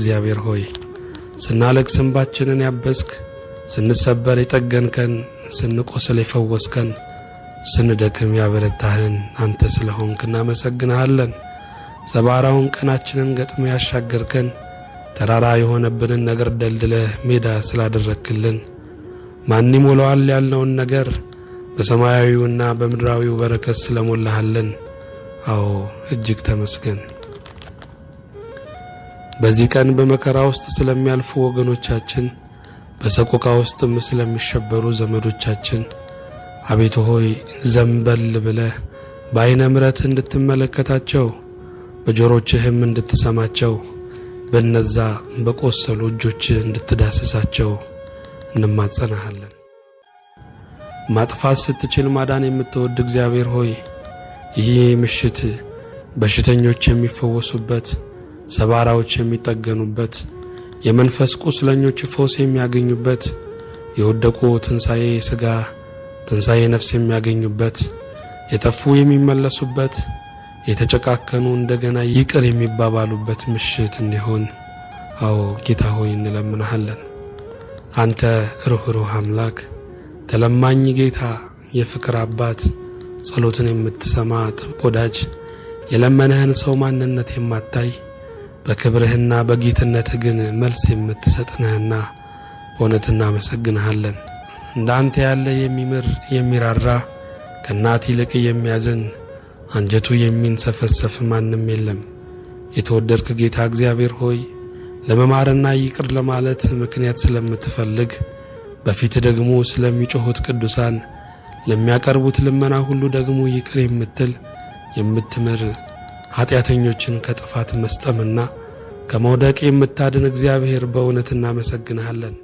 እግዚአብሔር ሆይ ስናለቅስ ስንባችንን ያበስክ፣ ስንሰበር የጠገንከን፣ ስንቆስል የፈወስከን፣ ስንደክም ያበረታህን አንተ ስለ ሆንክ እናመሰግንሃለን። ሰባራውን ቀናችንን ገጥሞ ያሻገርከን፣ ተራራ የሆነብንን ነገር ደልድለ ሜዳ ስላደረክልን ማን ይሞላዋል ያልነውን ነገር በሰማያዊውና በምድራዊው በረከት ስለሞላሃለን፣ አዎ እጅግ ተመስገን። በዚህ ቀን በመከራ ውስጥ ስለሚያልፉ ወገኖቻችን፣ በሰቆቃ ውስጥም ስለሚሸበሩ ዘመዶቻችን አቤቱ ሆይ ዘንበል ብለህ በዐይነ ምረት እንድትመለከታቸው በጆሮችህም እንድትሰማቸው በነዛ በቆሰሉ እጆች እንድትዳስሳቸው እንማጸናሃለን። ማጥፋት ስትችል ማዳን የምትወድ እግዚአብሔር ሆይ ይህ ምሽት በሽተኞች የሚፈወሱበት ሰባራዎች የሚጠገኑበት፣ የመንፈስ ቁስለኞች ፎስ የሚያገኙበት፣ የወደቁ ትንሣኤ ሥጋ ትንሣኤ ነፍስ የሚያገኙበት፣ የጠፉ የሚመለሱበት፣ የተጨቃከኑ እንደገና ይቅር የሚባባሉበት ምሽት እንዲሆን አዎ ጌታ ሆይ እንለምናሃለን አንተ ሩኅሩህ አምላክ፣ ተለማኝ ጌታ፣ የፍቅር አባት፣ ጸሎትን የምትሰማ ጥብቅ ወዳጅ፣ የለመነህን ሰው ማንነት የማታይ በክብርህና በጌትነትህ ግን መልስ የምትሰጥነህና በእውነት እናመሰግንሃለን። እንዳንተ ያለ የሚምር የሚራራ ከእናት ይልቅ የሚያዝን አንጀቱ የሚንሰፈሰፍ ማንም የለም። የተወደድክ ጌታ እግዚአብሔር ሆይ ለመማርና ይቅር ለማለት ምክንያት ስለምትፈልግ በፊት ደግሞ ስለሚጮኹት ቅዱሳን ለሚያቀርቡት ልመና ሁሉ ደግሞ ይቅር የምትል የምትምር ኃጢአተኞችን ከጥፋት መስጠምና ከመውደቅ የምታድን እግዚአብሔር በእውነት እናመሰግንሃለን።